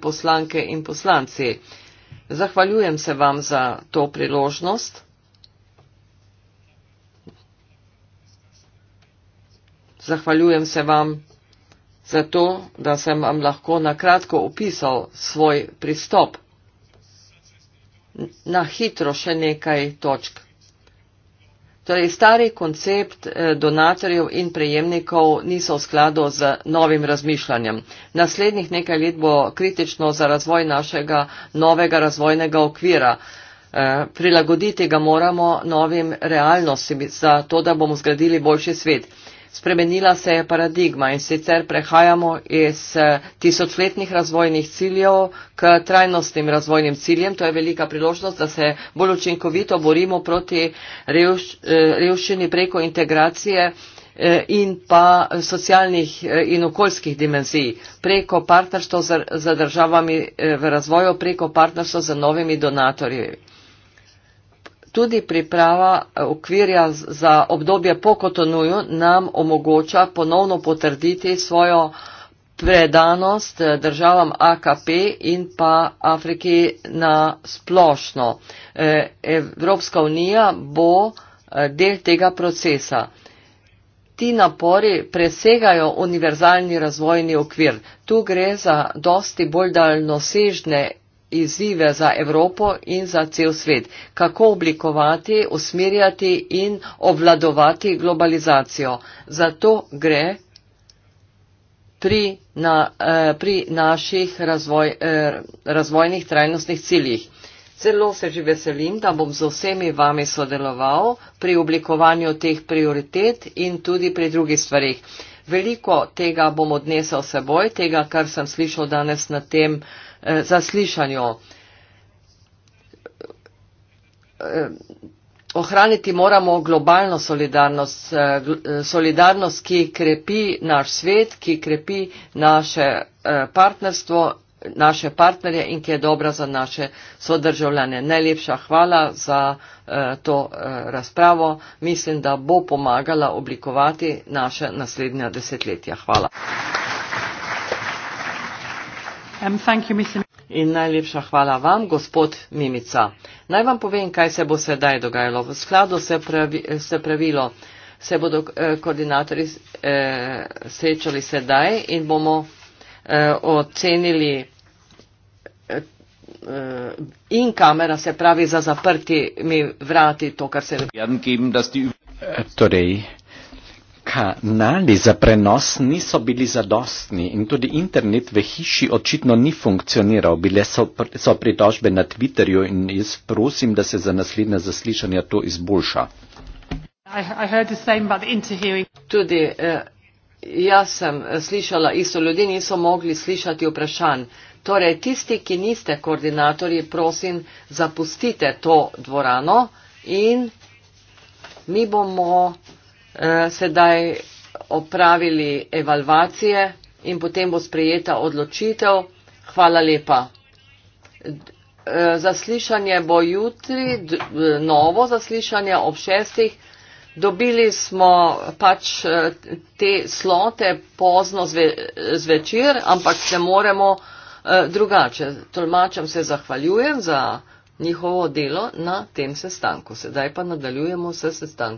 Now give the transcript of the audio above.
poslanke in poslanci. Zahvaljujem se vam za to priložnost. Zahvaljujem se vam za to, da sem vam lahko na kratko opisal svoj pristop. Na hitro še nekaj točk. Torej, stari koncept eh, donatorjev in prejemnikov niso v skladu z novim razmišljanjem. Naslednjih nekaj let bo kritično za razvoj našega novega razvojnega okvira. Eh, prilagoditi ga moramo novim realnostim, zato da bomo zgradili boljši svet. Spremenila se je paradigma in sicer prehajamo iz eh, tisočletnih razvojnih ciljev k trajnostnim razvojnim ciljem. To je velika priložnost, da se bolj učinkovito borimo proti eh, revščini preko integracije eh, in pa socialnih in okoljskih dimenzij, preko partnerstva za državami v razvoju, preko partnerstva za novimi donatorji. Tudi priprava eh, okvirja za obdobje po Kotonuju nam omogoča ponovno potrditi svojo predanost eh, državam AKP in pa Afriki na splošno. Eh, Evropska unija bo del tega procesa. Ti napori presegajo univerzalni razvojni okvir. Tu gre za dosti bolj daljnosežne izzive za Evropo in za cel svet, kako oblikovati, usmerjati in obvladovati globalizacijo. Zato gre pri, na, eh, pri naših razvoj, eh, razvojnih trajnostnih ciljih. Zelo se že veselim, da bom z vsemi vami sodeloval pri oblikovanju teh prioritet in tudi pri drugih stvarih. Veliko tega bom odnesel seboj, tega, kar sem slišal danes na tem eh, zaslišanju. Eh, ohraniti moramo globalno solidarnost, eh, eh, solidarnost, ki krepi naš svet, ki krepi naše partnerstvo naše partnerje in ki je dobra za naše sodržavljane. Najlepša hvala za eh, to eh, razpravo. Mislim, da bo pomagala oblikovati naše naslednja desetletja. Hvala. Um, you, in najlepša hvala vam, gospod Mimica. Naj vam povem, kaj se bo sedaj dogajalo. V skladu se, pravi, se pravilo se bodo eh, koordinatori eh, srečali sedaj in bomo eh, ocenili eh, in kamera se pravi za zaprtimi vrati to, kar se torej, kanali za prenos niso bili zadostni in tudi internet v hiši očitno ni funkcioniral. Bile so, so pritožbe na Twitterju in jaz prosim, da se za naslednje zaslišanje to izboljša. I, I tudi eh, Jaz sem slišala isto, ljudje niso mogli slišati vprašanj. Torej, tisti, ki niste koordinatorji, prosim, zapustite to dvorano in mi bomo eh, sedaj opravili evalvacije in potem bo sprejeta odločitev. Hvala lepa. Eh, zaslišanje bo jutri, eh, novo zaslišanje ob šestih. Dobili smo pač eh, te slote pozno zve, zvečer, ampak se moremo eh, drugače. Tolmačem se zahvaljujem za njihovo delo na tem sestanku. Sedaj pa nadaljujemo s sestankom.